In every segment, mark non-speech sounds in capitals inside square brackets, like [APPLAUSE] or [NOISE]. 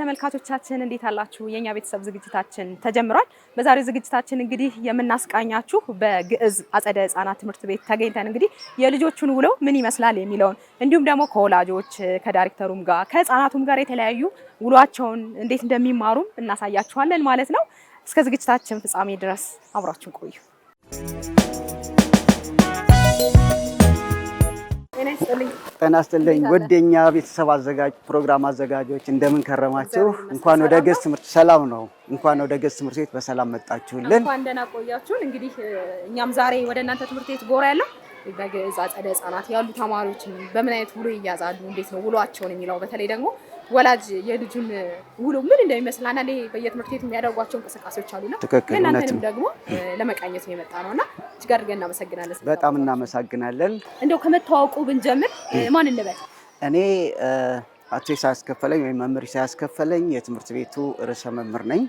ተመልካቾቻችን እንዴት አላችሁ? የኛ ቤተሰብ ዝግጅታችን ተጀምሯል። በዛሬው ዝግጅታችን እንግዲህ የምናስቃኛችሁ በግዕዝ አጸደ ህጻናት ትምህርት ቤት ተገኝተን እንግዲህ የልጆቹን ውለው ምን ይመስላል የሚለውን እንዲሁም ደግሞ ከወላጆች ከዳይሬክተሩም ጋር ከህጻናቱም ጋር የተለያዩ ውሏቸውን እንዴት እንደሚማሩም እናሳያችኋለን ማለት ነው። እስከ ዝግጅታችን ፍጻሜ ድረስ አብራችሁ ቆዩ። ጤና ይስጥልኝ ወደኛ ቤተሰብ አዘጋጅ ፕሮግራም አዘጋጆች እንደምን ከረማችሁ? እንኳን ወደ ገዝ ትምህርት ሰላም ነው። እንኳን ወደ ገዝ ትምህርት ቤት በሰላም መጣችሁልን። እንኳን ደህና ቆያችሁን። እንግዲህ እኛም ዛሬ ወደ እናንተ ትምህርት ቤት ጎራ ያለው በገዝ አጸደ ያሉ ተማሪዎች በምን አይነት ውሎ ይያዛሉ፣ እንዴት ነው ውሏቸውን የሚለው በተለይ ደግሞ ወላጅ የልጁን ውሎ ምን እንደሚመስል አና በየትምህርት ቤት የሚያደርጓቸው እንቅስቃሴዎች አሉ አሉና እናንተንም ደግሞ ለመቃኘት ነው የመጣ ነው እና እጅግ አድርገን እናመሰግናለን። በጣም እናመሰግናለን። እንደው ከመተዋወቁ ብንጀምር ማን እንበል? እኔ አቶ ኢሳያስ ከፈለኝ ወይም መምህር ኢሳያስ ከፈለኝ የትምህርት ቤቱ ርዕሰ መምህር ነኝ።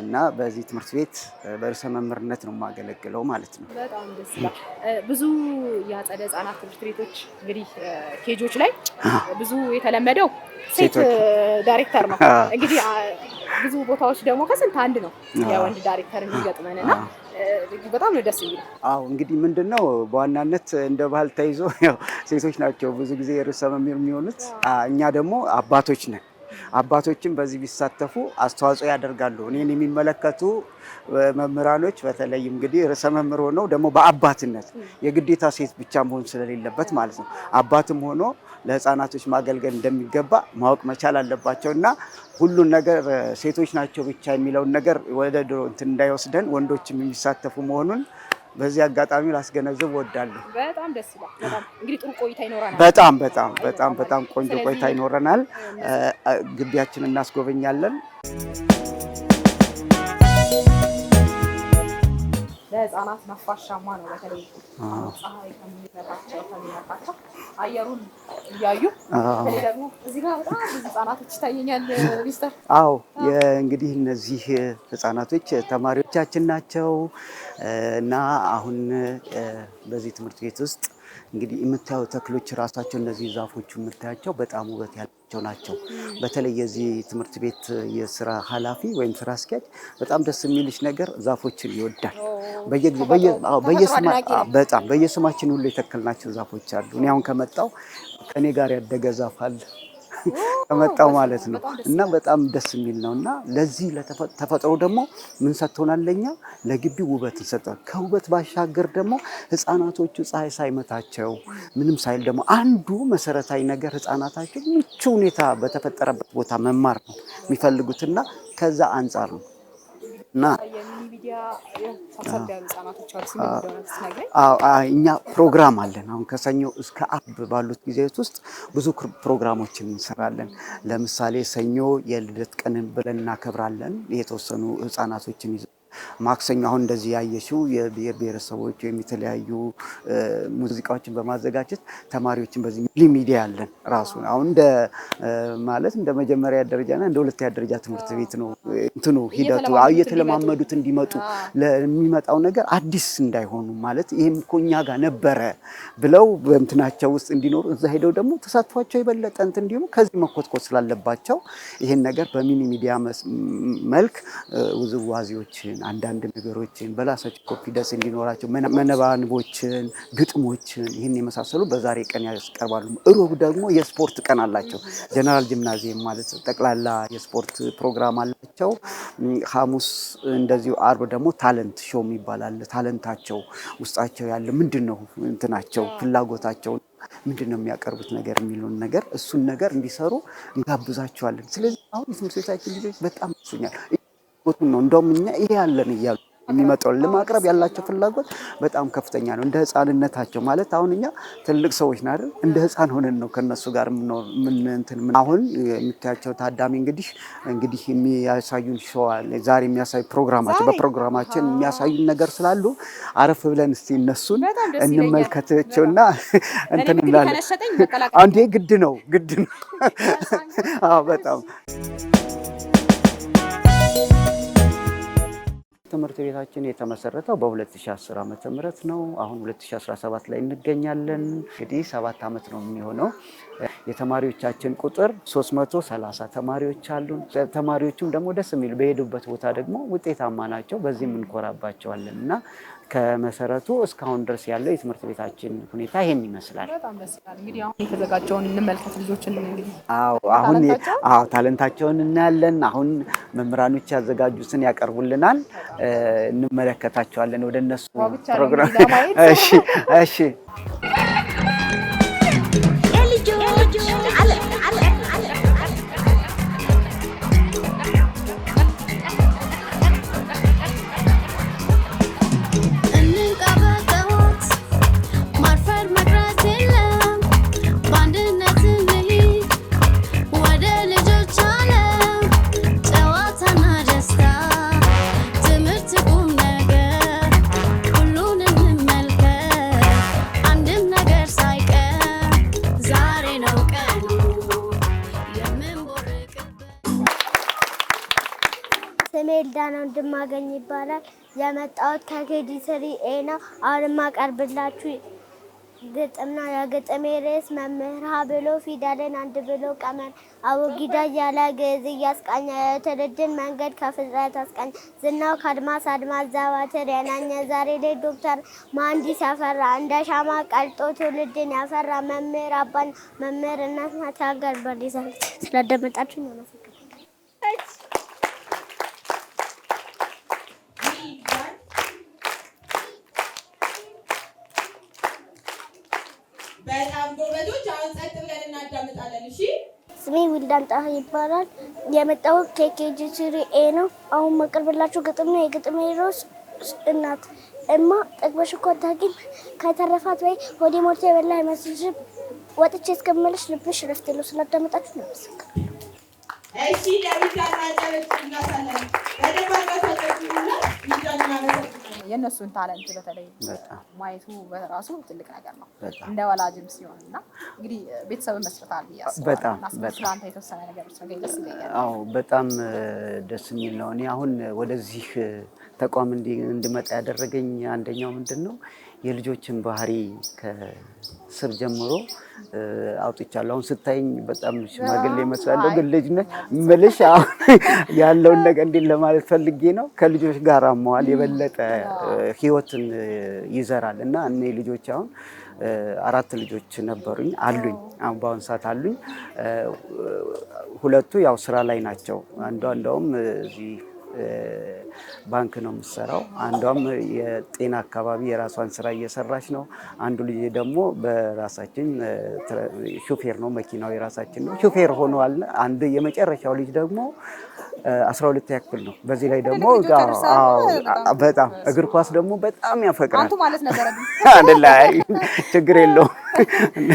እና በዚህ ትምህርት ቤት በርዕሰ መምህርነት ነው የማገለግለው ማለት ነው። በጣም ደስ ይላል። ብዙ የአጸደ ህጻናት ትምህርት ቤቶች እንግዲህ ኬጆች ላይ ብዙ የተለመደው ሴት ዳይሬክተር ነው እንግዲህ ብዙ ቦታዎች ደግሞ ከስንት አንድ ነው የወንድ ዳይሬክተር የሚገጥመን እና በጣም ነው ደስ የሚለው። አዎ እንግዲህ ምንድን ነው በዋናነት እንደ ባህል ተይዞ ሴቶች ናቸው ብዙ ጊዜ ርዕሰ መምህር የሚሆኑት። እኛ ደግሞ አባቶች ነን አባቶችን በዚህ ቢሳተፉ አስተዋጽኦ ያደርጋሉ። እኔን የሚመለከቱ መምህራኖች በተለይ እንግዲህ ርዕሰ መምህር ሆነው ደግሞ በአባትነት የግዴታ ሴት ብቻ መሆን ስለሌለበት ማለት ነው አባትም ሆኖ ለህፃናቶች ማገልገል እንደሚገባ ማወቅ መቻል አለባቸው እና ሁሉን ነገር ሴቶች ናቸው ብቻ የሚለውን ነገር ወደ ድሮ እንትን እንዳይወስደን ወንዶችም የሚሳተፉ መሆኑን በዚህ አጋጣሚ ላስገነዝብ ወዳለሁ። በጣም ደስ ይላል። በጣም እንግዲህ ጥሩ ቆይታ ይኖረናል። በጣም በጣም በጣም በጣም ቆንጆ ቆይታ ይኖረናል። ግቢያችን እናስጎበኛለን። ለህፃናት ነፋሻማ ነው። በተለይ ፀሐይ ከሚመጣቸው ከሚመጣቸው አየሩን እያዩ በተለይ ደግሞ እዚህ ጋር በጣም ብዙ ህጻናቶች ይታየኛል ሚስተር። አዎ እንግዲህ እነዚህ ህጻናቶች ተማሪዎቻችን ናቸው እና አሁን በዚህ ትምህርት ቤት ውስጥ እንግዲህ የምታየው ተክሎች ራሳቸው እነዚህ ዛፎቹ የምታያቸው በጣም ውበት ያለ ያላቸው ናቸው። በተለይ የዚህ ትምህርት ቤት የስራ ኃላፊ ወይም ስራ አስኪያጅ በጣም ደስ የሚልሽ ነገር ዛፎችን ይወዳል። በጣም በየስማችን ሁሉ የተከልናቸው ዛፎች አሉ። እኔ አሁን ከመጣው ከእኔ ጋር ያደገ ዛፍ አለ [LAUGHS] ከመጣው ማለት ነው እና በጣም ደስ የሚል ነው እና ለዚህ ተፈጥሮ ደግሞ ምን ሰጥቶናል? ለግቢ ውበት ሰጥቷል። ከውበት ባሻገር ደግሞ ህፃናቶቹ ፀሐይ ሳይመታቸው ምንም ሳይል ደግሞ አንዱ መሰረታዊ ነገር ህፃናታቸው ምቹ ሁኔታ በተፈጠረበት ቦታ መማር ነው የሚፈልጉትና ከዛ አንጻር ነው እና እኛ ፕሮግራም አለን። አሁን ከሰኞ እስከ አርብ ባሉት ጊዜያት ውስጥ ብዙ ፕሮግራሞችን እንሰራለን። ለምሳሌ ሰኞ የልደት ቀንን ብለን እናከብራለን። የተወሰኑ ህፃናቶችን ይዘ ማክሰኞ አሁን እንደዚህ ያየሽው የብሔር ብሔረሰቦች ወይም የተለያዩ ሙዚቃዎችን በማዘጋጀት ተማሪዎችን በዚህ ሚዲያ ያለን ራሱ አሁን እንደ ማለት እንደ መጀመሪያ ደረጃ ደረጃና እንደ ሁለተኛ ደረጃ ትምህርት ቤት ነው እንትኑ ሂደቱ እየተለማመዱት እንዲመጡ ለሚመጣው ነገር አዲስ እንዳይሆኑ ማለት ይህም እኮ እኛ ጋር ነበረ ብለው በእንትናቸው ውስጥ እንዲኖሩ እዛ ሄደው ደግሞ ተሳትፏቸው የበለጠ እንትን እንዲሁም ከዚህ መኮትኮት ስላለባቸው ይህን ነገር በሚኒ ሚዲያ መልክ ውዝዋዜዎችን አንዳንድ ነገሮችን በራሳቸው ኮንፊደንስ እንዲኖራቸው መነባንቦችን፣ ግጥሞችን ይህን የመሳሰሉ በዛሬ ቀን ያስቀርባሉ። እሮብ ደግሞ የስፖርት ቀን አላቸው። ጀነራል ጂምናዚየም ማለት ጠቅላላ የስፖርት ፕሮግራም አላቸው። ሐሙስ እንደዚሁ፣ አርብ ደግሞ ታለንት ሾ ይባላል። ታለንታቸው ውስጣቸው ያለ ምንድን ነው እንትናቸው ፍላጎታቸው ምንድን ነው የሚያቀርቡት ነገር የሚለውን ነገር እሱን ነገር እንዲሰሩ እንጋብዛቸዋለን። ስለዚህ አሁን የትምህርት ቤታችን ልጆች በጣም ይሱኛል ፍላጎቱን ነው እንደውም እኛ ይሄ ያለን እያሉ የሚመጣውን ለማቅረብ ያላቸው ፍላጎት በጣም ከፍተኛ ነው። እንደ ህፃንነታቸው ማለት አሁን እኛ ትልቅ ሰዎች ናደ እንደ ህፃን ሆነን ነው ከነሱ ጋር ምንትን አሁን የምታያቸው ታዳሚ እንግዲህ እንግዲህ የሚያሳዩን ሸዋል ዛሬ የሚያሳዩ ፕሮግራማቸው በፕሮግራማችን የሚያሳዩን ነገር ስላሉ አረፍ ብለን እስቲ እነሱን እንመልከታቸውና እንትን እንላለን። አንዴ ግድ ነው ግድ ነው [LAUGHS] በጣም ትምህርት ቤታችን የተመሰረተው በ2010 ዓ ም ነው። አሁን 2017 ላይ እንገኛለን። እንግዲህ ሰባት ዓመት ነው የሚሆነው። የተማሪዎቻችን ቁጥር 330 ተማሪዎች አሉ ተማሪዎቹም ደግሞ ደስ የሚሉ በሄዱበት ቦታ ደግሞ ውጤታማ ናቸው። በዚህ እንኮራባቸዋለን እና ከመሰረቱ እስካሁን ድረስ ያለው የትምህርት ቤታችን ሁኔታ ይሄን ይመስላል። እንግዲህ የተዘጋጀውን እንመልከት። ልጆችን እንግዲህ አሁን አዎ ታለንታቸውን እናያለን። አሁን መምህራኖች ያዘጋጁትን ያቀርቡልናል፣ እንመለከታቸዋለን። ወደ እነሱ ፕሮግራም [LAUGHS] እሺ እሺ ማገኝ ይባላል። የመጣሁት ከኬጂ ስሪ ኤ ነው። አሁን ማቀርብላችሁ ግጥም ነው። የግጥሜ ርዕስ መምህር ብሎ ፊደልን አንድ ብሎ ቀመር አቡጊዳ እያለ ግዕዝ እያስቃኘ የትውልድን መንገድ ከፍጥረት አስቀኝ። ዝናው ከአድማስ አድማስ ዘወትር የናኘ ዛሬ ላይ ዶክተር መሀንዲስ ያፈራ እንደ ሻማ ቀልጦ ትውልድን ያፈራ መምህር አባን መምህር እናት ናት። ሀገር በር ይዛለች። ስላደመጣችሁ ነው። በጣም ጎበዞች። አሁን ጸጥ ብለን እናዳምጣለን። እሺ። ስሜ ዊልዳን ጣህ ይባላል። የመጣሁት ከኬጂ ስሪ ኤ ነው። አሁን መቅርብላችሁ ግጥም ነው። የግጥሜ ሮስ እናት እማ ጠግበሽ እኮ አታውቂም ከተረፋት ወይ ሆዴ ሞልቶ የበላ አይመስልሽም ወጥቼ እስከምመለስ ልብሽ ረፍት የለው። ስላዳመጣችሁ ነው መሰግናለሁ። እሺ ለዊልዳን ማጨበጭ እናሳለን በደባ ጋሳጨች ዊልዳን ማመሰግ የእነሱን ታለንት በተለይ ማየቱ በራሱ ትልቅ ነገር ነው እንደ ወላጅም ሲሆን እና እንግዲህ ቤተሰብን መስርታል ብያስበጣምስላንተ የተወሰነ ነገሮች ነገ ደስ ይለኛል። በጣም ደስ የሚል ነው። እኔ አሁን ወደዚህ ተቋም እንድመጣ ያደረገኝ አንደኛው ምንድን ነው የልጆችን ባህሪ ስር ጀምሮ አውጥቻለሁ። አሁን ስታይኝ በጣም ሽማግሌ ይመስላለሁ፣ ግን ልጅ ነኝ አሁን ያለውን ነገር እንዴት ለማለት ፈልጌ ነው፣ ከልጆች ጋር መዋል የበለጠ ህይወትን ይዘራል እና እኔ ልጆች አሁን አራት ልጆች ነበሩኝ አሉኝ። አሁን በአሁን ሰዓት አሉኝ። ሁለቱ ያው ስራ ላይ ናቸው። አንዷ እንደውም እዚህ ባንክ ነው የምትሰራው። አንዷም የጤና አካባቢ የራሷን ስራ እየሰራች ነው። አንዱ ልጅ ደግሞ በራሳችን ሹፌር ነው፣ መኪናው የራሳችን ነው፣ ሹፌር ሆኗል። አንድ የመጨረሻው ልጅ ደግሞ አስራ ሁለት ያክል ነው። በዚህ ላይ ደግሞ በጣም እግር ኳስ ደግሞ በጣም ያፈቅራል [LAUGHS] አንድ ላይ ችግር የለውም [LAUGHS]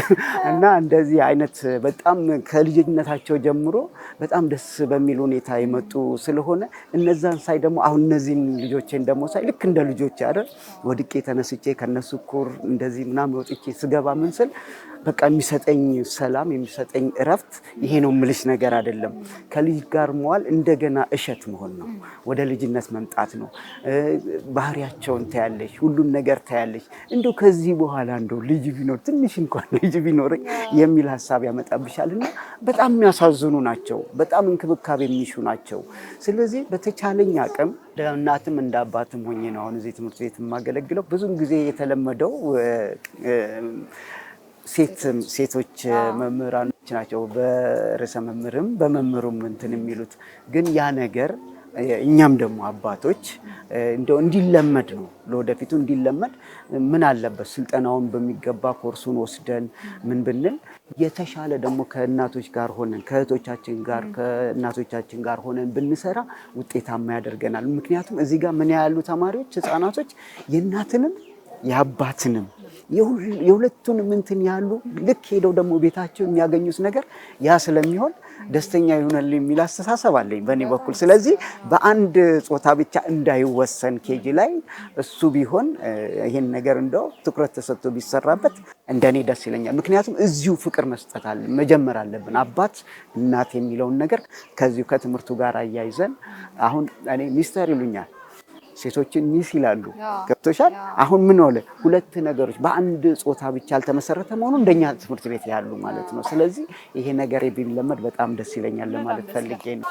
እና እንደዚህ አይነት በጣም ከልጅነታቸው ጀምሮ በጣም ደስ በሚል ሁኔታ የመጡ ስለሆነ እነዛን ሳይ ደግሞ አሁን እነዚህን ልጆቼን ደግሞ ሳይ ልክ እንደ ልጆች አይደል ወድቄ ተነስቼ ከነሱ ኩር እንደዚህ ምናምን ወጥቼ ስገባ ምን ስል በቃ የሚሰጠኝ ሰላም የሚሰጠኝ እረፍት ይሄ ነው የምልሽ ነገር አይደለም። ከልጅ ጋር መዋል እንደገና እሸት መሆን ነው፣ ወደ ልጅነት መምጣት ነው። ባህሪያቸውን ታያለሽ፣ ሁሉን ነገር ታያለሽ። እንደው ከዚህ በኋላ እንደው ልጅ ቢኖር ትንሽ እንኳን ልጅ ቢኖር የሚል ሀሳብ ያመጣብሻል እና በጣም የሚያሳዝኑ ናቸው፣ በጣም እንክብካቤ የሚሹ ናቸው። ስለዚህ በተቻለኝ አቅም እናትም እንደ አባትም ሆኜ ነው አሁን እዚህ ትምህርት ቤት የማገለግለው ብዙን ጊዜ የተለመደው ሴቶች መምህራኖች ናቸው። በርዕሰ መምህርም በመምህሩም እንትን የሚሉት ግን ያ ነገር እኛም ደግሞ አባቶች እንደው እንዲለመድ ነው ለወደፊቱ እንዲለመድ ምን አለበት ስልጠናውን በሚገባ ኮርሱን ወስደን ምን ብንል የተሻለ ደግሞ ከእናቶች ጋር ሆነን ከእህቶቻችን ጋር ከእናቶቻችን ጋር ሆነን ብንሰራ ውጤታማ ያደርገናል። ምክንያቱም እዚህ ጋር ምን ያሉ ተማሪዎች ህፃናቶች የእናትንም የአባትንም የሁለቱን ምንትን ያሉ ልክ ሄደው ደግሞ ቤታቸው የሚያገኙት ነገር ያ ስለሚሆን ደስተኛ ይሆናል የሚል አስተሳሰብ አለኝ በእኔ በኩል። ስለዚህ በአንድ ጾታ ብቻ እንዳይወሰን ኬጂ ላይ እሱ ቢሆን ይህን ነገር እንደው ትኩረት ተሰጥቶ ቢሰራበት እንደኔ ደስ ይለኛል። ምክንያቱም እዚሁ ፍቅር መስጠት አለ መጀመር አለብን። አባት እናት የሚለውን ነገር ከዚሁ ከትምህርቱ ጋር አያይዘን አሁን እኔ ሚስተር ይሉኛል ሴቶችን ሚስ ይላሉ። ገብቶሻል? አሁን ምን ሆለ? ሁለት ነገሮች በአንድ ጾታ ብቻ ያልተመሰረተ መሆኑ እንደኛ ትምህርት ቤት ያሉ ማለት ነው። ስለዚህ ይሄ ነገር ቢለመድ በጣም ደስ ይለኛል ለማለት ፈልጌ ነው።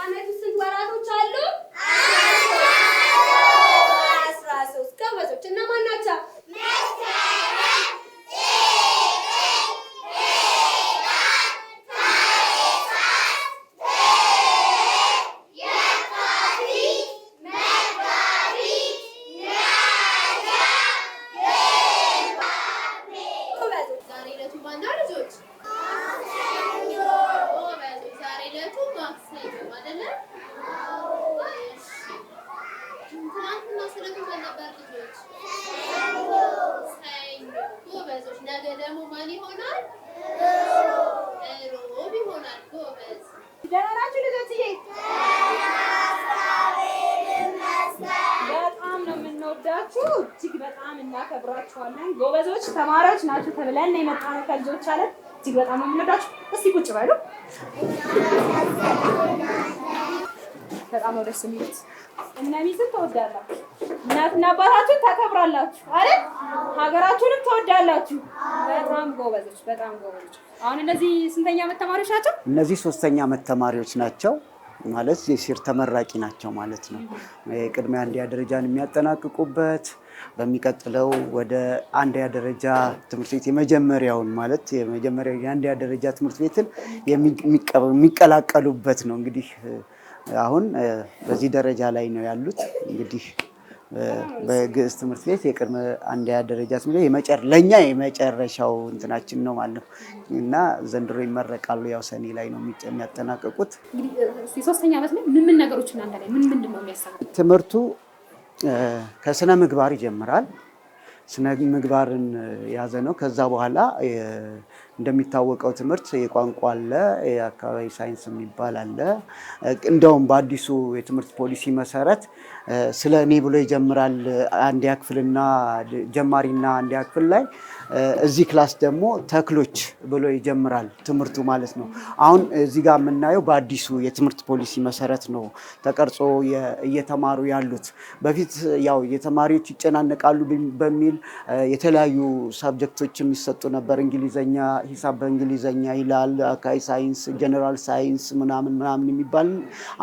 ብለን የመጣነው ከልጆች አለ። እጅግ በጣም የምንወዳችሁ። እስቲ ቁጭ በሉ። በጣም ነው ደስ የሚሉት። እነ ሚስትን ተወዳላችሁ፣ እናትና አባታችሁን ታከብራላችሁ አይደል? ሀገራችሁንም ተወዳላችሁ። በጣም ጎበዞች፣ በጣም ጎበዞች። አሁን እነዚህ ስንተኛ ዓመት ተማሪዎች ናቸው? እነዚህ ሶስተኛ ዓመት ተማሪዎች ናቸው ማለት የሲር ተመራቂ ናቸው ማለት ነው። ቅድሚያ አንደኛ ደረጃን የሚያጠናቅቁበት በሚቀጥለው ወደ አንደኛ ደረጃ ትምህርት ቤት የመጀመሪያውን ማለት የመጀመሪያ የአንደኛ ደረጃ ትምህርት ቤትን የሚቀላቀሉበት ነው። እንግዲህ አሁን በዚህ ደረጃ ላይ ነው ያሉት። እንግዲህ በግዕዝ ትምህርት ቤት የቅድመ አንደኛ ደረጃ ትምህርት ቤት ለእኛ የመጨረሻው እንትናችን ነው ማለት ነው እና ዘንድሮ ይመረቃሉ። ያው ሰኔ ላይ ነው የሚያጠናቀቁት። ሶስተኛ ዓመት ምን ምን ነገሮች እናንተ ላይ ምን ምንድን ነው የሚያሰራ ትምህርቱ ከስነ ምግባር ይጀምራል። ስነ ምግባርን የያዘ ነው። ከዛ በኋላ እንደሚታወቀው ትምህርት የቋንቋ አለ፣ የአካባቢ ሳይንስ የሚባል አለ። እንደውም በአዲሱ የትምህርት ፖሊሲ መሰረት ስለ እኔ ብሎ ይጀምራል አንድ ያክፍልና ጀማሪና አንድ ክፍል ላይ፣ እዚህ ክላስ ደግሞ ተክሎች ብሎ ይጀምራል ትምህርቱ ማለት ነው። አሁን እዚህ ጋር የምናየው በአዲሱ የትምህርት ፖሊሲ መሰረት ነው ተቀርጾ እየተማሩ ያሉት። በፊት ያው የተማሪዎች ይጨናነቃሉ በሚል የተለያዩ ሰብጀክቶች የሚሰጡ ነበር እንግሊዘኛ ሂሳብ በእንግሊዘኛ ይላል፣ አካይ ሳይንስ፣ ጀነራል ሳይንስ ምናምን ምናምን የሚባል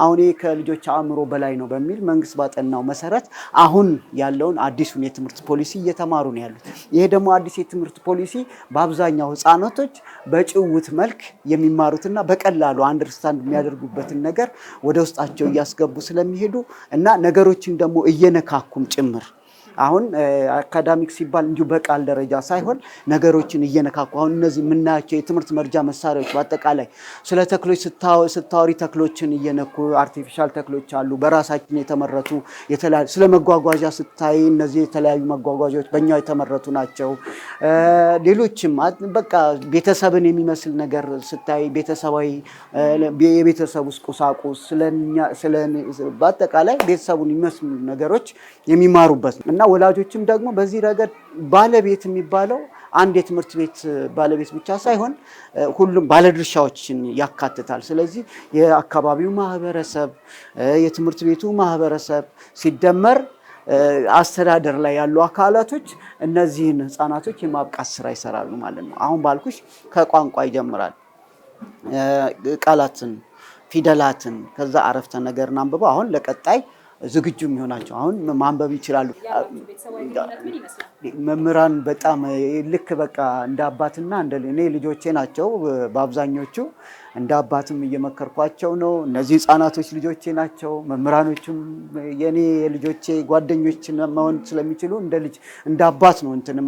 አሁን ከልጆች አእምሮ በላይ ነው በሚል መንግስት ባጠናው መሰረት አሁን ያለውን አዲሱን የትምህርት ፖሊሲ እየተማሩ ነው ያሉት። ይሄ ደግሞ አዲስ የትምህርት ፖሊሲ በአብዛኛው ህፃናቶች በጭውት መልክ የሚማሩትና በቀላሉ አንደርስታንድ የሚያደርጉበትን ነገር ወደ ውስጣቸው እያስገቡ ስለሚሄዱ እና ነገሮችን ደግሞ እየነካኩም ጭምር አሁን አካዳሚክ ሲባል እንዲሁ በቃል ደረጃ ሳይሆን ነገሮችን እየነካኩ አሁን እነዚህ የምናያቸው የትምህርት መርጃ መሳሪያዎች በአጠቃላይ ስለ ተክሎች ስታወሪ ተክሎችን እየነኩ አርቲፊሻል ተክሎች አሉ፣ በራሳችን የተመረቱ ስለ መጓጓዣ ስታይ እነዚህ የተለያዩ መጓጓዣዎች በእኛው የተመረቱ ናቸው። ሌሎችም በቃ ቤተሰብን የሚመስል ነገር ስታይ ቤተሰባዊ የቤተሰብ ውስጥ ቁሳቁስ በአጠቃላይ ቤተሰቡን የሚመስሉ ነገሮች የሚማሩበት ነው። እና ወላጆችም ደግሞ በዚህ ረገድ ባለቤት የሚባለው አንድ የትምህርት ቤት ባለቤት ብቻ ሳይሆን ሁሉም ባለድርሻዎችን ያካትታል። ስለዚህ የአካባቢው ማህበረሰብ፣ የትምህርት ቤቱ ማህበረሰብ ሲደመር አስተዳደር ላይ ያሉ አካላቶች እነዚህን ህፃናቶች የማብቃት ስራ ይሰራሉ ማለት ነው። አሁን ባልኩሽ ከቋንቋ ይጀምራል። ቃላትን፣ ፊደላትን ከዛ አረፍተ ነገርን አንብበው አሁን ለቀጣይ ዝግጁ የሚሆናቸው አሁን ማንበብ ይችላሉ። መምህራን በጣም ልክ በቃ እንደ አባትና እንደ እኔ ልጆቼ ናቸው። በአብዛኞቹ እንደ አባትም እየመከርኳቸው ነው። እነዚህ ህፃናቶች ልጆቼ ናቸው። መምህራኖቹም የኔ ልጆቼ ጓደኞች መሆን ስለሚችሉ እንደ ልጅ እንደ አባት ነው እንትን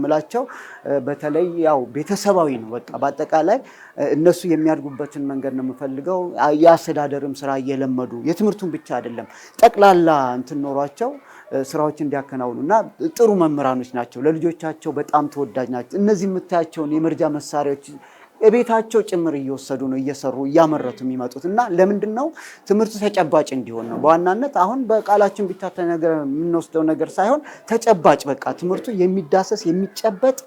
በተለይ ያው ቤተሰባዊ ነው። በቃ በአጠቃላይ እነሱ የሚያድጉበትን መንገድ ነው የምፈልገው። የአስተዳደርም ስራ እየለመዱ የትምህርቱን ብቻ አይደለም ጠቅላላ እንትን ኖሯቸው ስራዎችን እንዲያከናውኑ እና ጥሩ መምህራኖች ናቸው። ለልጆቻቸው በጣም ተወዳጅ ናቸው። እነዚህ የምታያቸውን የመርጃ መሳሪያዎች እቤታቸው ጭምር እየወሰዱ ነው እየሰሩ እያመረቱ የሚመጡት እና ለምንድን ነው ትምህርቱ ተጨባጭ እንዲሆን ነው በዋናነት አሁን በቃላችን ብቻ ነገር የምንወስደው ነገር ሳይሆን ተጨባጭ በቃ ትምህርቱ የሚዳሰስ የሚጨበጥ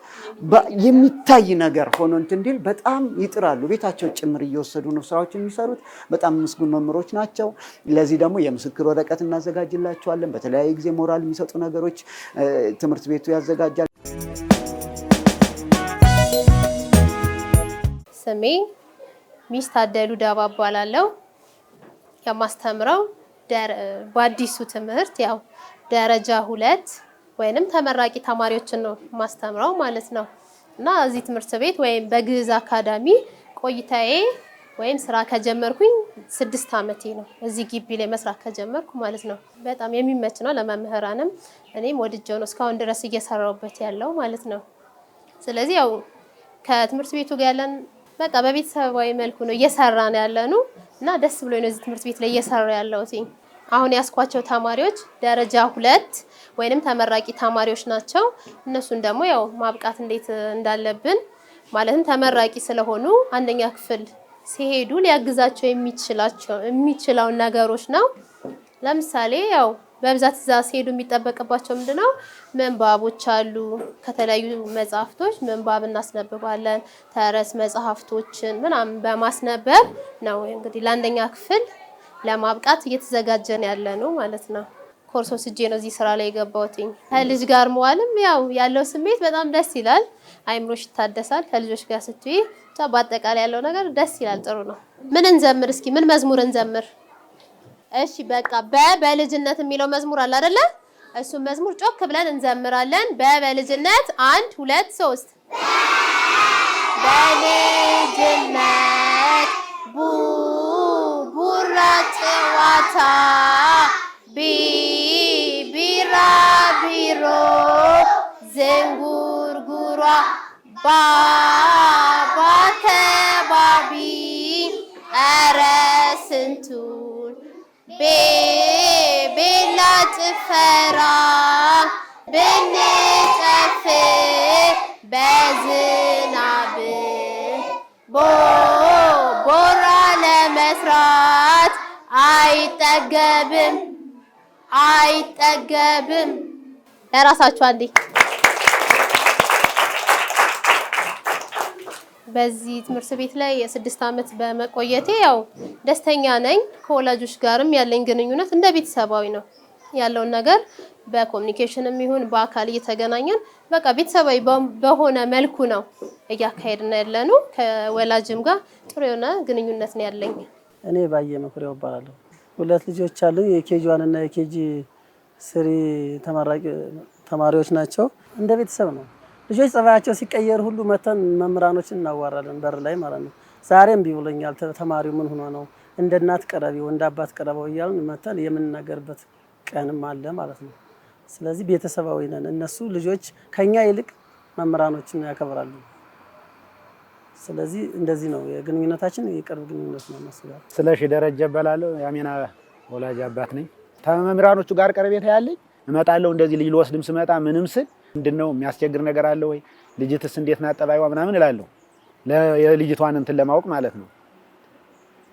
የሚታይ ነገር ሆኖ እንትን እንዲል በጣም ይጥራሉ። ቤታቸው ጭምር እየወሰዱ ነው ስራዎች የሚሰሩት። በጣም ምስጉን መምህሮች ናቸው። ለዚህ ደግሞ የምስክር ወረቀት እናዘጋጅላቸዋለን። በተለያየ ጊዜ ሞራል የሚሰጡ ነገሮች ትምህርት ቤቱ ያዘጋጃል። ስሜ ሚስት አደሉ ዳባ እባላለሁ። የማስተምረው በአዲሱ ትምህርት ያው ደረጃ ሁለት ወይንም ተመራቂ ተማሪዎችን ነው የማስተምረው ማለት ነው። እና እዚህ ትምህርት ቤት ወይም በግዕዝ አካዳሚ ቆይታዬ ወይም ስራ ከጀመርኩኝ ስድስት ዓመቴ ነው። እዚህ ግቢ ላይ መስራት ከጀመርኩ ማለት ነው። በጣም የሚመች ነው ለመምህራንም፣ እኔም ወድጀው ነው እስካሁን ድረስ እየሰራሁበት ያለው ማለት ነው። ስለዚህ ያው ከትምህርት ቤቱ ጋር ያለን በቃ በቤተሰባዊ መልኩ ነው እየሰራ ያለ ነው እና ደስ ብሎ ነው እዚህ ትምህርት ቤት ላይ እየሰራ ያለሁት። አሁን ያስኳቸው ተማሪዎች ደረጃ ሁለት ወይንም ተመራቂ ተማሪዎች ናቸው። እነሱን ደግሞ ያው ማብቃት እንዴት እንዳለብን ማለትም ተመራቂ ስለሆኑ አንደኛ ክፍል ሲሄዱ ሊያግዛቸው የሚችላቸው የሚችለውን ነገሮች ነው። ለምሳሌ ያው በብዛት እዛ ሲሄዱ የሚጠበቅባቸው ምንድነው? ምንባቦች አሉ። ከተለያዩ መጽሐፍቶች ምንባብ እናስነብባለን። ተረስ መጽሐፍቶችን ምናምን በማስነበብ ነው እንግዲህ ለአንደኛ ክፍል ለማብቃት እየተዘጋጀን ያለ ነው ማለት ነው። ኮርሶ ስጄ ነው እዚህ ስራ ላይ የገባሁትኝ። ከልጅ ጋር መዋልም ያው ያለው ስሜት በጣም ደስ ይላል። አይምሮሽ ይታደሳል። ከልጆች ጋር ስትይ፣ በአጠቃላይ ያለው ነገር ደስ ይላል። ጥሩ ነው። ምን እንዘምር እስኪ? ምን መዝሙር እንዘምር? እሺ በቃ በ በልጅነት የሚለው መዝሙር አለ አይደለ? እሱ መዝሙር ጮክ ብለን እንዘምራለን። በ በልጅነት አንድ ሁለት ሶስት በልጅነት ቡ ቡራ ጨዋታ ቢ ቢራ ቢሮ ዝንጉርጉሯ ባ ባ አይጠገብም አይጠገብም። ለራሳችሁ አንዴ በዚህ ትምህርት ቤት ላይ የስድስት ዓመት በመቆየቴ ያው ደስተኛ ነኝ። ከወላጆች ጋርም ያለኝ ግንኙነት እንደ ቤተሰባዊ ነው። ያለውን ነገር በኮሚኒኬሽንም ይሁን በአካል እየተገናኘን በቃ ቤተሰባዊ በሆነ መልኩ ነው እያካሄድን ያለነው። ከወላጅም ጋር ጥሩ የሆነ ግንኙነት ነው ያለኝ። እኔ ባየ መኩሪያው እባላለሁ። ሁለት ልጆች አሉ። የኬጂ ዋን እና የኬጂ ስሪ ተመራቂ ተማሪዎች ናቸው። እንደ ቤተሰብ ነው። ልጆች ጸባያቸው ሲቀየር ሁሉ መተን መምህራኖችን እናዋራለን በር ላይ ማለት ነው። ዛሬም ቢውለኛል ተማሪው ምን ሆኖ ነው እንደ እናት ቀረቢው እንደ አባት ቀረበው እያልን መተን የምንነገርበት ቀንም አለ ማለት ነው። ስለዚህ ቤተሰባዊ ነን። እነሱ ልጆች ከኛ ይልቅ መምህራኖችን ያከብራሉ። ስለዚህ እንደዚህ ነው የግንኙነታችን፣ የቅርብ ግንኙነት ነው መስላል። ስለሺ ደረጀ እባላለሁ። የአሜና ወላጅ አባት ነኝ። ከመምህራኖቹ ጋር ቀረቤታ ያለኝ እመጣለሁ። እንደዚህ ልጅ ልወስድም ስመጣ ምንም ስል ምንድን ነው የሚያስቸግር ነገር አለ ወይ ልጅትስ እንዴት ናት ጠባይዋ ምናምን እላለሁ። የልጅቷን እንትን ለማወቅ ማለት ነው።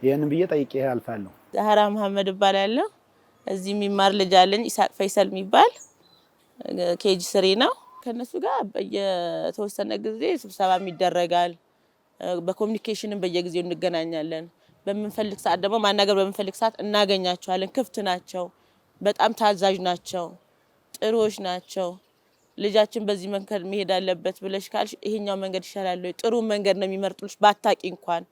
ይህንን ብዬ ጠይቄ አልፋለሁ። ዛህራ መሐመድ እባላለሁ። እዚህ የሚማር ልጅ አለኝ ኢሳቅ ፈይሰል የሚባል ኬጅ ስሪ ነው። ከነሱ ጋር በየተወሰነ ጊዜ ስብሰባም ይደረጋል። በኮሚኒኬሽንም በየጊዜው እንገናኛለን። በምንፈልግ ሰዓት ደግሞ ማናገር በምንፈልግ ሰዓት እናገኛቸዋለን። ክፍት ናቸው፣ በጣም ታዛዥ ናቸው፣ ጥሩዎች ናቸው። ልጃችን በዚህ መንገድ መሄድ አለበት ብለሽ ካልሽ ይሄኛው መንገድ ይሻላል፣ ጥሩ መንገድ ነው የሚመርጡልሽ ባታቂ እንኳን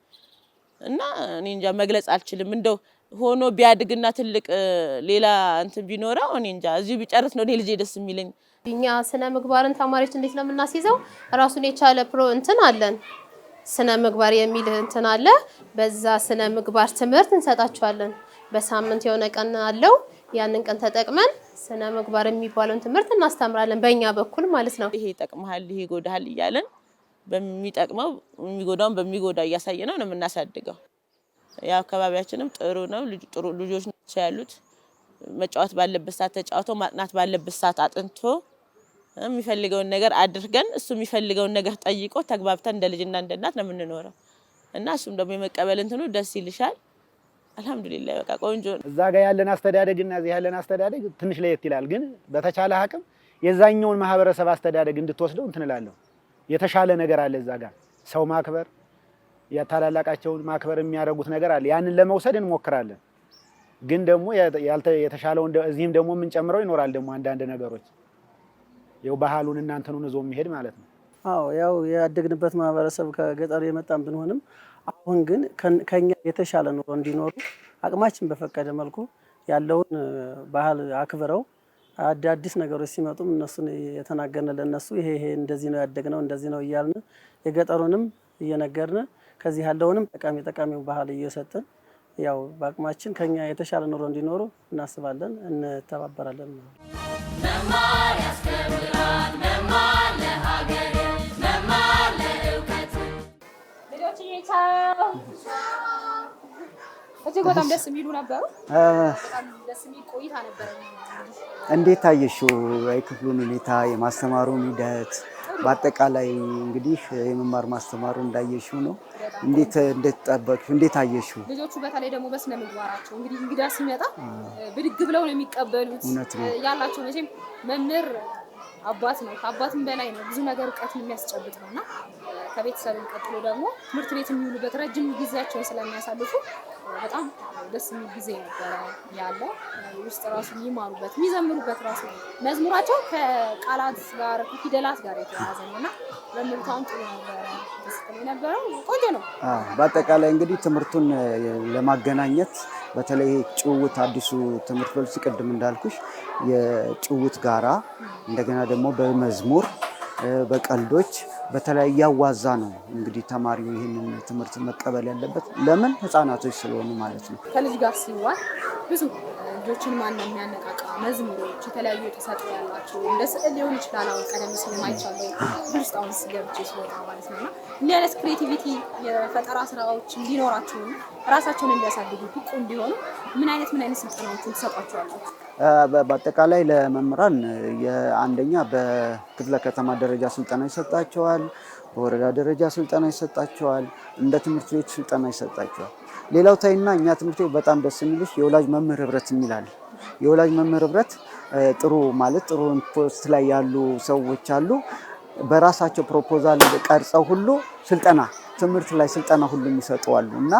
እና እኔ እንጃ መግለጽ አልችልም። እንደው ሆኖ ቢያድግና ትልቅ ሌላ እንትን ቢኖረው እኔ እንጃ እዚሁ ቢጨርስ ነው እኔ ልጄ ደስ የሚለኝ። እኛ ስነ ምግባርን ተማሪዎች እንዴት ነው የምናስይዘው? ራሱን የቻለ ፕሮ እንትን አለን ስነ ምግባር የሚል እንትን አለ። በዛ ስነ ምግባር ትምህርት እንሰጣችኋለን። በሳምንት የሆነ ቀን አለው። ያንን ቀን ተጠቅመን ስነ ምግባር የሚባለውን ትምህርት እናስተምራለን፣ በእኛ በኩል ማለት ነው። ይሄ ይጠቅመሃል፣ ይሄ ይጎዳሃል እያለን በሚጠቅመው የሚጎዳውን በሚጎዳ እያሳየ ነው ነው የምናሳድገው። የአካባቢያችንም ጥሩ ነው። ጥሩ ልጆች ናቸው ያሉት። መጫወት ባለበት ሰዓት ተጫውቶ ማጥናት ባለበት ሰዓት አጥንቶ የሚፈልገውን ነገር አድርገን እሱ የሚፈልገውን ነገር ጠይቆ ተግባብተን እንደ ልጅና እንደ እናት ነው የምንኖረው እና እሱም ደግሞ የመቀበል እንትኑ ደስ ይልሻል። አልሐምዱሊላ በቃ ቆንጆ ነው። እዛ ጋር ያለን አስተዳደግ እና እዚህ ያለን አስተዳደግ ትንሽ ለየት ይላል። ግን በተቻለ አቅም የዛኛውን ማህበረሰብ አስተዳደግ እንድትወስደው እንትንላለሁ። የተሻለ ነገር አለ እዛ ጋር ሰው ማክበር ታላላቃቸውን ማክበር የሚያደርጉት ነገር አለ። ያንን ለመውሰድ እንሞክራለን። ግን ደግሞ የተሻለውን እዚህም ደግሞ የምንጨምረው ይኖራል ደግሞ አንዳንድ ነገሮች ያው ባህሉን እናንተን ይዞ የሚሄድ ማለት ነው። አዎ ያው ያደግንበት ማህበረሰብ ከገጠር የመጣን ብንሆንም አሁን ግን ከኛ የተሻለ ኑሮ እንዲኖሩ አቅማችን በፈቀደ መልኩ ያለውን ባህል አክብረው አዳዲስ ነገሮች ሲመጡም እነሱን የተናገርን ለእነሱ ይሄ ይሄ እንደዚህ ነው ያደግነው እንደዚህ ነው እያልን የገጠሩንም እየነገርን ከዚህ ያለውንም ጠቃሚ ጠቃሚው ባህል እየሰጥን ያው በአቅማችን ከኛ የተሻለ ኑሮ እንዲኖሩ እናስባለን፣ እንተባበራለን። መማር ያስተምራል። እጅግ በጣም ደስ የሚሉ ነበሩ። ደስ የሚል ቆይታ ነበረ። እንዴት ታየሽው የክፍሉን ሁኔታ የማስተማሩን ሂደት? በአጠቃላይ እንግዲህ የመማር ማስተማሩ እንዳየሽው ነው። እንዴት እንዴት እንዴት አየሽው? ልጆቹ በተለይ ደግሞ በስነ ምግባራቸው እንግዲህ እንግዳ ሲመጣ ብድግ ብለው ነው የሚቀበሉት ያላቸው። መቼም መምህር አባት ነው፣ ከአባትም በላይ ነው። ብዙ ነገር እውቀትን የሚያስጨብጥ ነው እና ከቤተሰብ ቀጥሎ ደግሞ ትምህርት ቤት የሚውሉበት ረጅም ጊዜያቸውን ስለሚያሳልፉ በጣም ደስ የሚል ጊዜ ነበረ ያለ ውስጥ ራሱ የሚማሩበት የሚዘምሩበት ራሱ መዝሙራቸው ከቃላት ጋር ከፊደላት ጋር የተያያዘ ነው እና መምህርታውን ጥሩ ነበረ የነበረው ቆንጆ ነው። በአጠቃላይ እንግዲህ ትምህርቱን ለማገናኘት በተለይ ጭውውት አዲሱ ትምህርት በልስ ቅድም እንዳልኩሽ የጭውውት ጋራ እንደገና ደግሞ በመዝሙር በቀልዶች በተለያየ እያዋዛ ነው እንግዲህ ተማሪው ይህንን ትምህርት መቀበል ያለበት ለምን ህፃናቶች ስለሆኑ ማለት ነው። ከልጅ ጋር ሲዋል ብዙ ልጆችን ማነው የሚያነቃቃ መዝሙሮች፣ የተለያዩ ተሰጥኦ ያላቸው እንደ ስዕል ሊሆን ይችላል። አሁን ቀደም ሲል ማይቻለው ብርስጣውን ስገብቼ ሲወጣ ማለት ነው እና እንዲህ አይነት ክሬቲቪቲ የፈጠራ ስራዎች እንዲኖራቸውን ራሳቸውን እንዲያሳድጉ ብቁ እንዲሆኑ ምን አይነት ምን አይነት ስልጠናዎችን ትሰጧቸዋላችሁ? በአጠቃላይ ለመምህራን የአንደኛ በክፍለ ከተማ ደረጃ ስልጠና ይሰጣቸዋል። በወረዳ ደረጃ ስልጠና ይሰጣቸዋል። እንደ ትምህርት ቤት ስልጠና ይሰጣቸዋል። ሌላው ታይና እኛ ትምህርት ቤት በጣም ደስ የሚልሽ የወላጅ መምህር ህብረት የሚላል የወላጅ መምህር ህብረት ጥሩ ማለት ጥሩ ፖስት ላይ ያሉ ሰዎች አሉ። በራሳቸው ፕሮፖዛል ቀርጸው ሁሉ ስልጠና ትምህርት ላይ ስልጠና ሁሉ ይሰጠዋሉ እና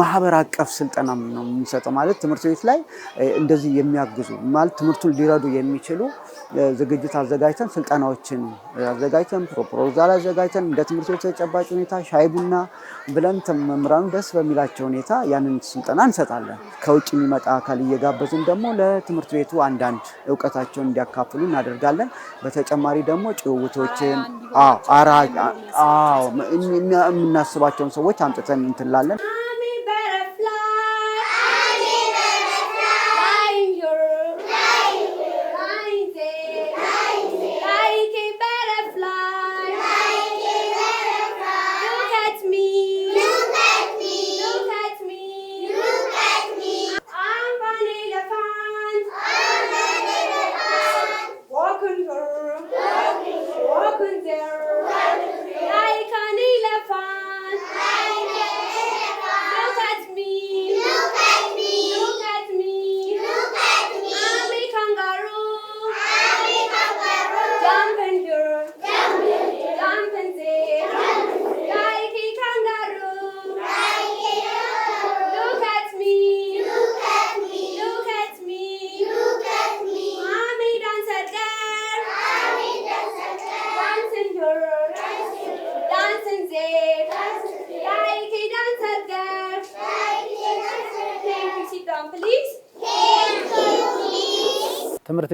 ማህበር አቀፍ ስልጠና ነው የሚሰጠው። ማለት ትምህርት ቤት ላይ እንደዚህ የሚያግዙ ማለት ትምህርቱን ሊረዱ የሚችሉ ዝግጅት አዘጋጅተን ስልጠናዎችን አዘጋጅተን ፕሮፖዛል አዘጋጅተን እንደ ትምህርት ቤት ተጨባጭ ሁኔታ ሻይ ቡና ብለን መምህራኑ ደስ በሚላቸው ሁኔታ ያንን ስልጠና እንሰጣለን። ከውጭ የሚመጣ አካል እየጋበዝን ደግሞ ለትምህርት ቤቱ አንዳንድ እውቀታቸውን እንዲያካፍሉ እናደርጋለን። በተጨማሪ ደግሞ ጭውውቶችን የምናስባቸውን ሰዎች አምጥተን እንትላለን።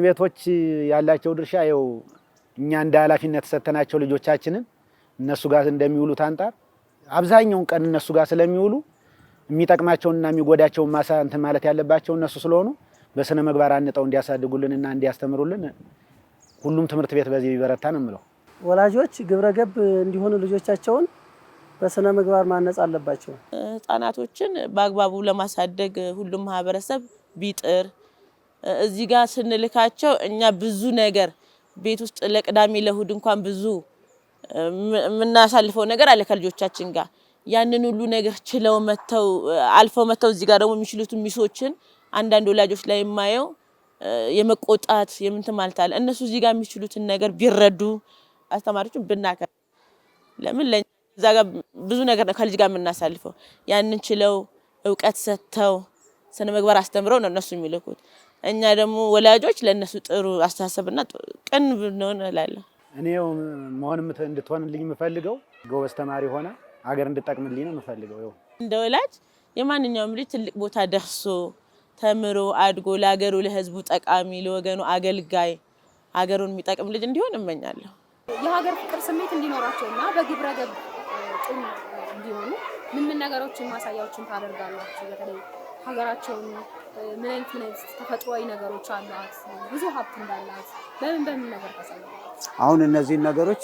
ቤቶች ያላቸው ድርሻ ይኸው እኛ እንደ ኃላፊነት ሰተናቸው ልጆቻችንን እነሱ ጋር እንደሚውሉት አንጣር አብዛኛውን ቀን እነሱ ጋር ስለሚውሉ የሚጠቅማቸውንና የሚጎዳቸውን ማሳ እንትን ማለት ያለባቸው እነሱ ስለሆኑ በስነ ምግባር አንጠው እንዲያሳድጉልንና እንዲያስተምሩልን ሁሉም ትምህርት ቤት በዚህ ቢበረታ ነው የምለው። ወላጆች ግብረገብ እንዲሆኑ ልጆቻቸውን በስነ ምግባር ማነጽ አለባቸው። ህጻናቶችን በአግባቡ ለማሳደግ ሁሉም ማህበረሰብ ቢጥር እዚህ ጋር ስንልካቸው እኛ ብዙ ነገር ቤት ውስጥ ለቅዳሜ ለእሁድ እንኳን ብዙ የምናሳልፈው ነገር አለ ከልጆቻችን ጋር ያንን ሁሉ ነገር ችለው መተው አልፈው መተው እዚህ ጋር ደግሞ የሚችሉት ሚሶችን አንዳንድ ወላጆች ላይ የማየው የመቆጣት የምንትን ማለት አለ። እነሱ እዚህ ጋር የሚችሉትን ነገር ቢረዱ አስተማሪዎችን ብናከ ለምን ለእዛ ጋር ብዙ ነገር ከልጅ ጋር የምናሳልፈው ያንን ችለው እውቀት ሰጥተው ስነ ምግባር አስተምረው ነው እነሱ የሚልኩት። እኛ ደግሞ ወላጆች ለእነሱ ጥሩ አስተሳሰብና ቅን ብንሆን እላለሁ። እኔ መሆን እንድትሆንልኝ የምፈልገው ጎበዝ ተማሪ ሆነ ሀገር እንድጠቅምልኝ ነው የምፈልገው። እንደ ወላጅ የማንኛውም ልጅ ትልቅ ቦታ ደርሶ ተምሮ አድጎ ለሀገሩ ለህዝቡ ጠቃሚ ለወገኑ አገልጋይ ሀገሩን የሚጠቅም ልጅ እንዲሆን እመኛለሁ። የሀገር ፍቅር ስሜት እንዲኖራቸው እና በግብረ ገብ ጥሩ እንዲሆኑ ምን ምን ነገሮችን ማሳያዎችን ታደርጋላችሁ በተለይ ሀገራቸውን ምን አይነት ምን አይነት ተፈጥሯዊ ነገሮች አሏት፣ ብዙ ሀብት እንዳላት በምን በምን ነገር አሁን እነዚህን ነገሮች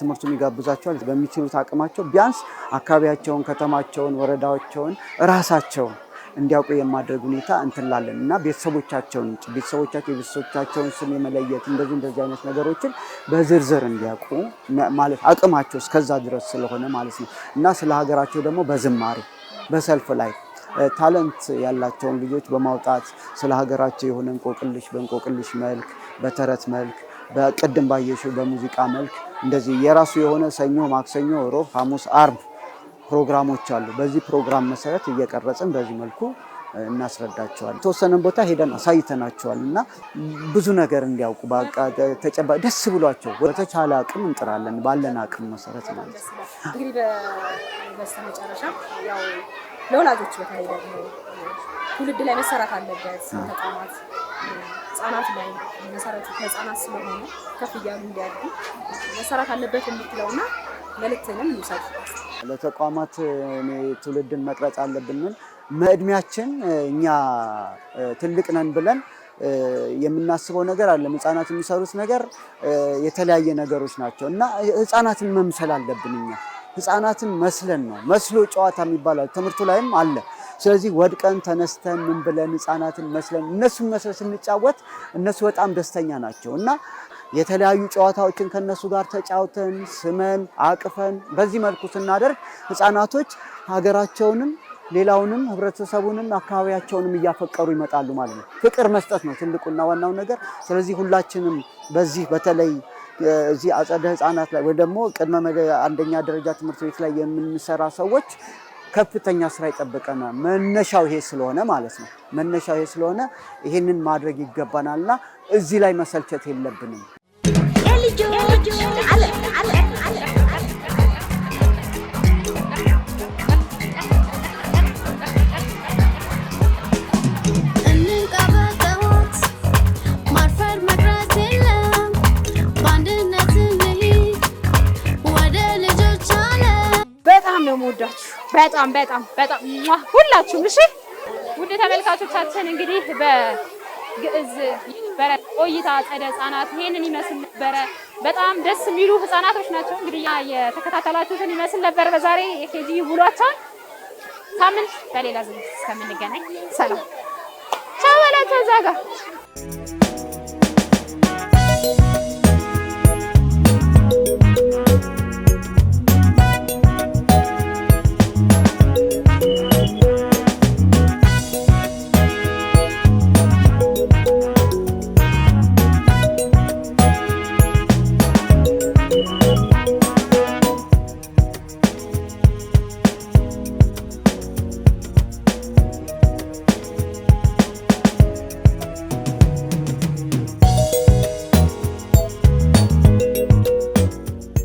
ትምህርቱም ይጋብዛቸዋል። በሚችሉት አቅማቸው ቢያንስ አካባቢያቸውን፣ ከተማቸውን፣ ወረዳዎቸውን እራሳቸውን እንዲያውቁ የማድረግ ሁኔታ እንትንላለን እና ቤተሰቦቻቸውን ቤተሰቦቻቸው የቤተሰቦቻቸውን ስም የመለየት እንደዚህ እንደዚህ አይነት ነገሮችን በዝርዝር እንዲያውቁ ማለት አቅማቸው እስከዛ ድረስ ስለሆነ ማለት ነው እና ስለ ሀገራቸው ደግሞ በዝማሬ በሰልፍ ላይ ታለንት ያላቸውን ልጆች በማውጣት ስለ ሀገራቸው የሆነ እንቆቅልሽ በእንቆቅልሽ መልክ፣ በተረት መልክ፣ በቅድም ባየሽው በሙዚቃ መልክ እንደዚህ የራሱ የሆነ ሰኞ፣ ማክሰኞ፣ ሮብ፣ ሐሙስ፣ አርብ ፕሮግራሞች አሉ። በዚህ ፕሮግራም መሰረት እየቀረጽን በዚህ መልኩ እናስረዳቸዋል። የተወሰነን ቦታ ሄደን አሳይተናቸዋል እና ብዙ ነገር እንዲያውቁ በቃ ተጨባጭ ደስ ብሏቸው በተቻለ አቅም እንጥራለን፣ ባለን አቅም መሰረት ማለት ነው። ለወላጆች በተለይ ደግሞ ትውልድ ላይ መሰራት አለበት። ተቋማት ህጻናት ላይ መሰረቱ ከህጻናት ስለሆነ ከፍ እያሉ እንዲያድጉ መሰራት አለበት የምትለውና መልእክትንም ይውሰድ። ለተቋማት ትውልድን መቅረጽ አለብንን መእድሜያችን እኛ ትልቅ ነን ብለን የምናስበው ነገር አለ። ህጻናት የሚሰሩት ነገር የተለያየ ነገሮች ናቸው እና ህጻናትን መምሰል አለብን እኛ ህፃናትን መስለን ነው መስሎ ጨዋታ የሚባላል ትምህርቱ ላይም አለ። ስለዚህ ወድቀን ተነስተን ምን ብለን ህፃናትን መስለን እነሱን መስለ ስንጫወት እነሱ በጣም ደስተኛ ናቸው እና የተለያዩ ጨዋታዎችን ከነሱ ጋር ተጫውተን ስመን አቅፈን በዚህ መልኩ ስናደርግ ህፃናቶች ሀገራቸውንም ሌላውንም ህብረተሰቡንም አካባቢያቸውንም እያፈቀሩ ይመጣሉ ማለት ነው። ፍቅር መስጠት ነው ትልቁና ዋናው ነገር። ስለዚህ ሁላችንም በዚህ በተለይ እዚህ አጸደ ህጻናት ላይ ወይ ደግሞ ቅድመ አንደኛ ደረጃ ትምህርት ቤት ላይ የምንሰራ ሰዎች ከፍተኛ ስራ ይጠበቀናል። መነሻው ይሄ ስለሆነ ማለት ነው። መነሻው ይሄ ስለሆነ ይሄንን ማድረግ ይገባናልና እዚህ ላይ መሰልቸት የለብንም። ነው የምወዳችሁ በጣም በጣም በጣም ሁላችሁም። እሺ ውድ ተመልካቾቻችን እንግዲህ በግዕዝ በረ ቆይታ ጸደ ህጻናት ይሄንን ይመስል ነበረ። በጣም ደስ የሚሉ ህጻናቶች ናቸው። እንግዲህ የተከታተላችሁትን ይመስል ነበር በዛሬ የኬጂ ውሏቸውን። ሳምንት በሌላ ዝግጅት እስከምንገናኝ ሰላም ቻው በላቸው እዛ ጋር